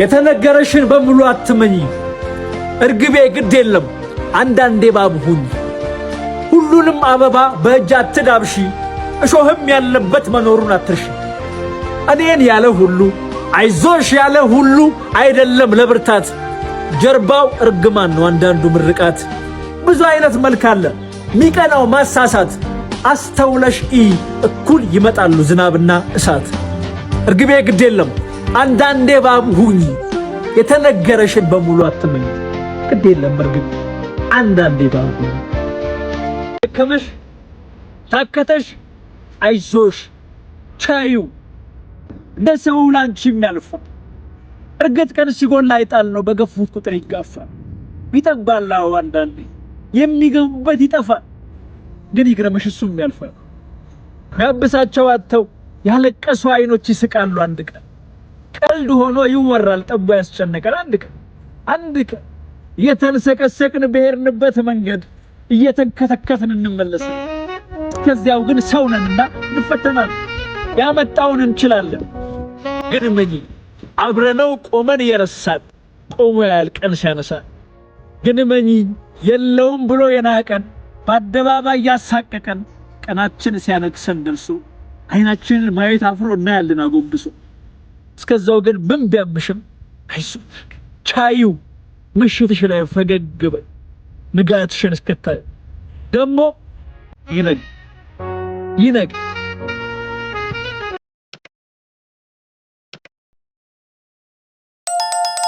የተነገረሽን በሙሉ አትመኝ እርግቤ፣ ግድ የለም አንዳንዴ እባብ ሁኝ። ሁሉንም አበባ በእጅ አትዳብሺ፣ እሾህም ያለበት መኖሩን አትርሺ። እኔን ያለ ሁሉ አይዞሽ ያለ ሁሉ አይደለም ለብርታት ጀርባው እርግማን ነው አንዳንዱ ምርቃት። ብዙ አይነት መልክ አለ ሚቀናው ማሳሳት። አስተውለሽ ኢ እኩል ይመጣሉ ዝናብና እሳት። እርግቤ ግድ የለም አንዳንዴ እባብ ሁኚ። የተነገረሽን በሙሉ አትመኝ። ግድ የለም በርግጥ አንዳንዴ እባብ ሁኚ። ደከመሽ፣ ታከተሽ፣ አይዞሽ ቻዩ ደሰው ላንቺ የሚያልፉ እርግጥ ቀን ሲጎላ አይጣል ነው። በገፉት ቁጥር ይጋፋል። ይጠግባል። አንዳንዴ የሚገቡበት ይጠፋል። ግን ይግረምሽ እሱም ያልፋል። ያብሳቸው አጥተው ያለቀሱ አይኖች ይስቃሉ አንድ ቀን ቀልድ ሆኖ ይወራል። ጠቦ ያስጨነቀን። አንድ ቀን አንድ ቀን እየተንሰቀሰቅን በሄድንበት መንገድ እየተንከተከትን እንመለስ። ከዚያው ግን ሰው ነንና እንፈተናል። ያመጣውን እንችላለን። ግን ምን አብረነው ቆመን የረሳን ቆሞ ያልቀን ሲያነሳ ግን መኝ የለውም ብሎ የናቀን በአደባባይ ያሳቀቀን ቀናችን ሲያነግሰን ደርሶ አይናችንን ማየት አፍሮ እናያለን አጎንብሶ እስከዛው ግን ምን ቢያምሽም ቻዩ ምሽትሽ ላይ ፈገግ በይ፣ ንጋትሽን እስከታ ደግሞ ይነግ ይነግ